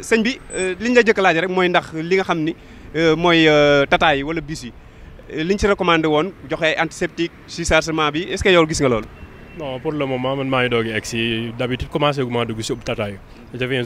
sëñ bi euh, liñ la jëkk laaj rek mooy ndax li nga xam ni euh, mooy euh, tata yi wala bis yi liñ ci recommandé woon joxe ay antiseptique ci chargement bi est-ce que gis nga loolu. non pour le moment man maa ngi doog a egg si d'habitude commencé gu ma dugg si tata yi je viens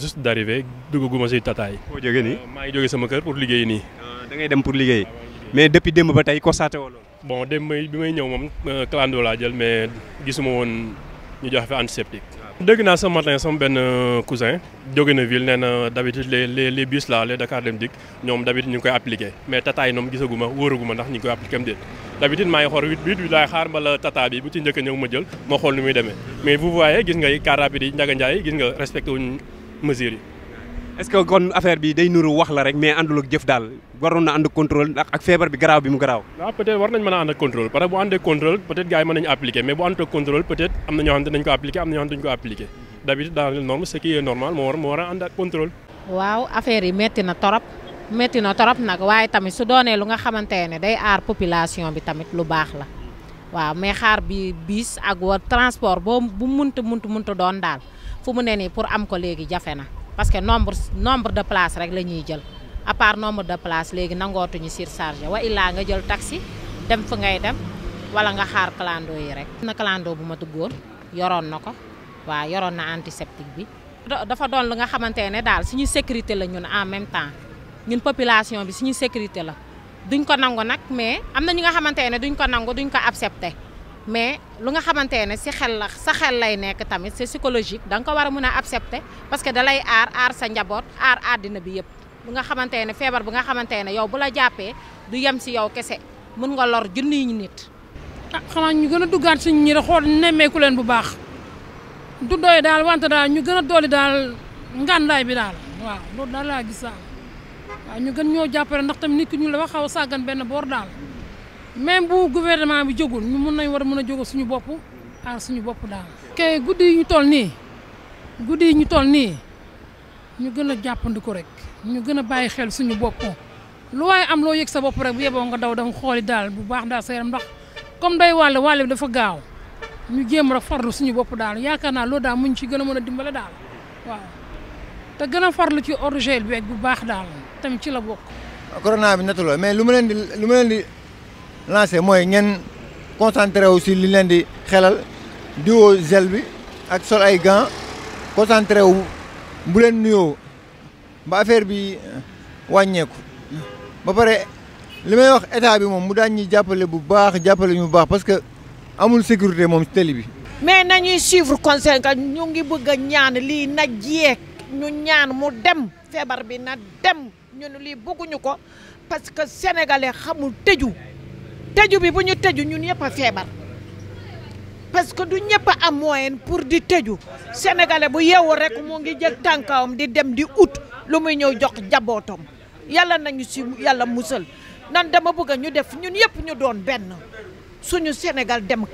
maa ngi jógee sama kër pour liggéey nii. Ah, da ngay dem pour liggéey mais depuis démb ba tey constaté woo loolu. bon démb bi may ñëw moom clando laa jël mais gisuma woon. ñu joxe fi antiseptique. dégg naa ce matin sama benn euh, cousin jóge na ville nee na d'habitude les les les bus Dakar Dem Dikk ñoom d'habitude ñu ngi koy appliqué mais tata yi ñoom gisaguma wóoraguma ndax ñu ngi koy appliqué am déet maa ngi xool huit huit laay xaar mbala tata bi bu ci njëkk ñëw ma jël ma xool nu muy demee mais vous voyez gis nga car rapide yi Ndiaga Ndiaye gis nga respecté wuñ yi. est-ce que kon affaire bi day nuru wax la rek mais àndul ak jëf daal waroon na ànd contrôle ndax ak feebar bi garaaw bi mu garaaw waaw peut-être war nañ mën a ànd ak contrôle parce que bu àndee contrôle peut-être gars yi mën nañu appliquer mais bu ànd ak contrôle peut-être am na ñoo xam ne dañ ko appliquer am na ñoo xam ne duñ ko appliquer d'habitude dans les normes ce qui est normal moo war moo war a ànd ak contrôle waaw affaire yi metti na torop metti na torop nag waaye tamit su doonee lu nga xamante ne day aar population bi tamit lu baax la waaw mais xaar bi bis ak war transport boo bu munta munta munta doon daal fu mu ne nii pour am ko léegi jafe na parce que nombre nombre de places rek la ñuy jël à part nombre de place léegi nangootuñu surchargé wa illaa nga jël taxi dem fa ngay dem wala nga xaar clando yi rek. na clando bu ma duggoon yoroon na ko waa yoroon na antiseptique bi. dafa doon lu nga xamante ne daal suñu sécurité la ñun en même temps ñun population bi suñu sécurité la duñ ko nangu nag mais am na ñu nga xamante ne duñ ko nangu duñ ko accepté. mais lu nga xamante ne si xel la sa xel lay nekk tamit si psychologique danga ko war a mën a accepter parce que dalay aar aar sa njaboot aar àddina bi yëpp lu nga xamante ne feebar bu nga xamante ne yow bu la jàppee du yem si yow kese mën nga lor junniy nit. ah xanaa ñu gën a duggaat si ñi xool nemmeeku leen bu baax du doy daal wante daal ñu gën a dooli daal ngàndaay bi daal waaw loolu daal laa gis daal waaw ñu gën ñoo jàppale ndax tamit nit ki ñu la xaw a sàggan benn boor daal. même bu gouvernement bi jógul ñu mun nañ war a mën a jógal suñu bopp aar suñu bopp daal. kay guddi yi ñu toll nii guddi yi ñu toll nii ñu gën a jàppandiku rek ñu gën a bàyyi xel suñu bopp lu waaye am loo yëg sa bopp rek bu yeboo nga daw danga xooli daal bu baax daal sa yaram ndax comme day wàll wàll bi dafa gaaw ñu jéem rek farlu suñu bopp daal yaakaar naa loolu daal muñ ci gën a mën a dimbale daal waaw te gën a farlu ci orgel beeg bu baax daal tamit ci la bokk. lancé mooy ngeen concentré wu li leen di xelal diwoo gel bi ak sol ay gants concentré wu bu leen nuyoo ba affaire bi wàññeeku ba pare li may wax état bi moom mu daan ñuy jàppale bu baax jàppale ñu bu baax parce que amul sécurité moom tëli bi. mais nañuy suivre conseil ka ñu ngi bëgg a ñaan lii na jeeg ñu ñaan mu dem feebar bi na dem ñun lii bëgguñu ko parce que sénégalais xamul tëju. tëju bi bu ñu tëju ñun yëpp a feebar parce que du ñëpp a am moyen pour di tëju sénégalais bu yeewu rek mu ngi jël tànkawam di dem di ut lu muy ñëw jox jabootam yàlla nañu si yàlla musal nan dama bëgg ñu def ñun yëpp ñu doon benn suñu Sénégal dem.